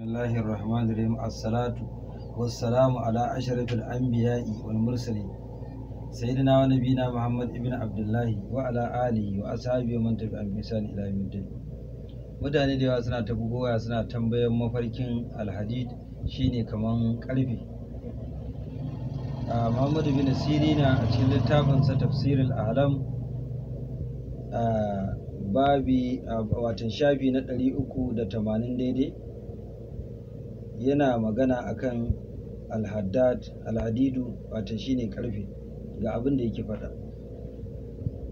Bismillahir Rahmanir Rahim Assalatu wassalamu ala ashrafil anbiya'i wal mursalin sayyidina wa nabiyina Muhammad ibn Abdullahi wa ala alihi wa ashabihi man tabi'an bi ihsan ila yawmiddin mutane da yawa suna ta bugowa suna tambayan mafarkin alhadid shine kaman karfe ah, Muhammad bin Sirina a cikin littafinsa tafsirul alam ah, babi ah, watan shafi na uku da 380 daidai yana magana akan al-haddad al-hadidu wato shine karfe ga abin da yake faɗa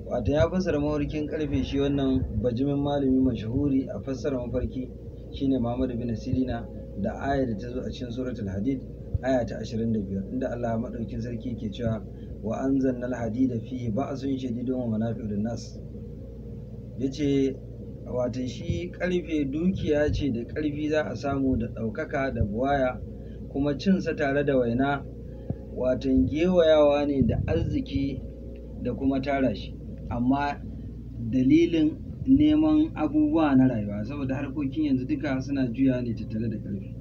wato ya fassara mawarkin karfe shi wannan bajimin malami mashahuri a fassara mafarki shine Muhammad bin Sirina da aya da ta zo a cikin suratul hadid aya ta 25 inda Allah madaukin sarki ke cewa wa anzalna al-hadida fihi ba'sun shadidun wa manafi'un nas yace watan shi ƙarfe dukiya ce da ƙarfi za a samu da ɗaukaka da buwaya kuma cinsa tare da waina watan gewayawa ne da arziki da kuma tara shi amma dalilin neman abubuwa na rayuwa saboda harkokin yanzu duka suna juya ne tattare da ƙarfi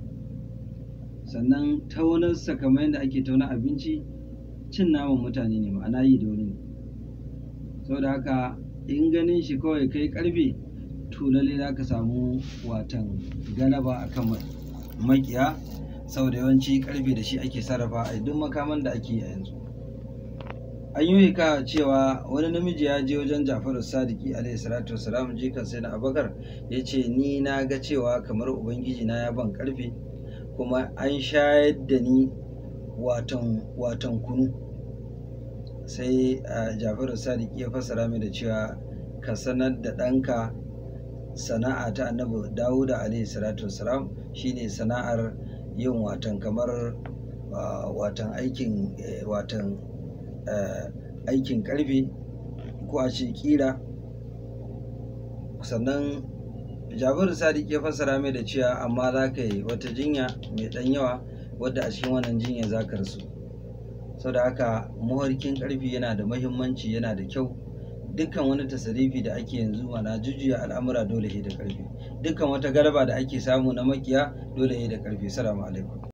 sannan taunarsa kamar yadda ake tauna abinci cin naman mutane ne ma'ana yi da wani ne. saboda haka in ganin shi kawai kai ƙarfe to lalle za ka samu watan galaba akan makiya saboda yawanci karfe da shi ake sarrafa a duk makaman da ake a yanzu an yi ka cewa wani namiji ya je wajen jafaru sadiki alaihi salatu wasalam jikan sai na abakar ya ce ni na ga cewa kamar ubangiji na ya ban karfe kuma an shayar da ni watan kunu sai eh, jafaru sadiki ya fassara mai da cewa ka sanar da ɗanka sana'a ta annabi dawuda alaihi salatu wasalam shine sana'ar yin watan kamar watan aikin eh, watan eh, aikin karfe ko a ce kira sannan jabiru sadiq ya fassara mai da cewa amma za ka yi wata jinya mai ɗan yawa wadda a cikin wannan jinya za ka rasu sau da haka muharkin karfi yana da mahimmanci yana da kyau dukkan wani tasarifi da ake yanzu mana jujjuya al'amura dole yi da ƙarfi dukkan wata garba da ake samu na makiya dole yi da ƙarfi salamu alaikum